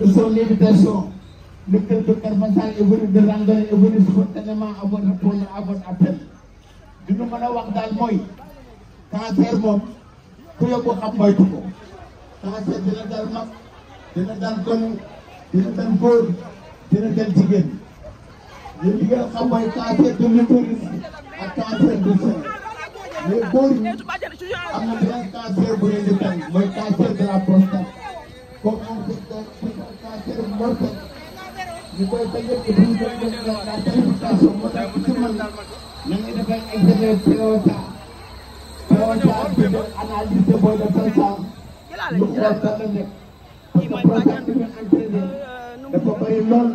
de son invitation. Le cœur de Kermasal est venu de Rangoy est venu spontanément avant de répondre à appel. li ñu mën a wax daal mooy cancer moom ku yóbbu xam moytu ko. cancer dina dal mag dina dal gone dina dal dal jigéen li ñu a xam mooy cancer de l'utérus ak cancer du sein mais góor ñi am na beneen bu leen mooy cancer de la prostate. comme un mortel ñu koy tëjee et puis dañ koy def la tarification moo tax ci man na ngay defee ay effet POTA POTA bi de analyse de booy de POTA lu xool sa la nekk parce que POTA bi nga entraîné dafa bëri lool.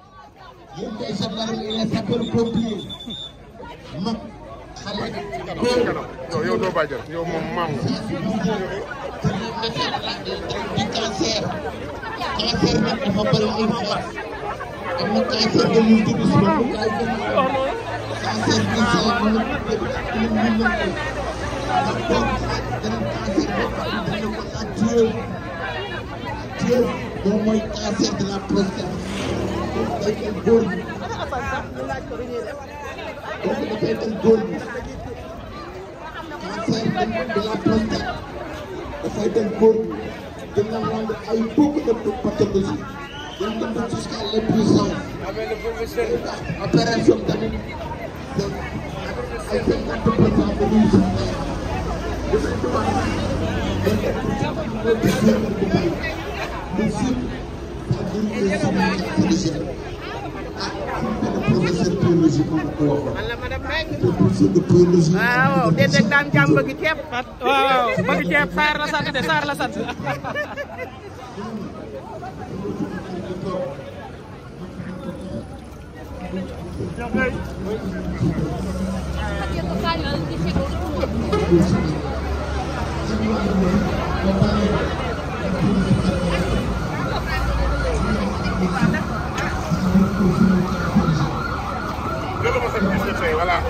yéen tey gendarme yi sapeur pompier mag xale góor yow doo bàjjal yow moom maam di cancer cancer nag dafa bëri ay xeet am na cancer de muy dugg si moom cancer de sa am na am na mu ko da toog laaj beneen cancer boo xam ne dana ko laaj tuer tuer moom mooy cancer de la prostate fekkee góor gi donc dafay dem góor gi cancer de la prostate dafay dem góor gi dina rendre ay beaucoup de pathologie dina dem ba jusqu'à l'épuisement opération tamit ay cinquante pour cent de luy Wow, dia daan begitu cepat. Wow, begitu cepat ceeb saar 你是谁嘛啦？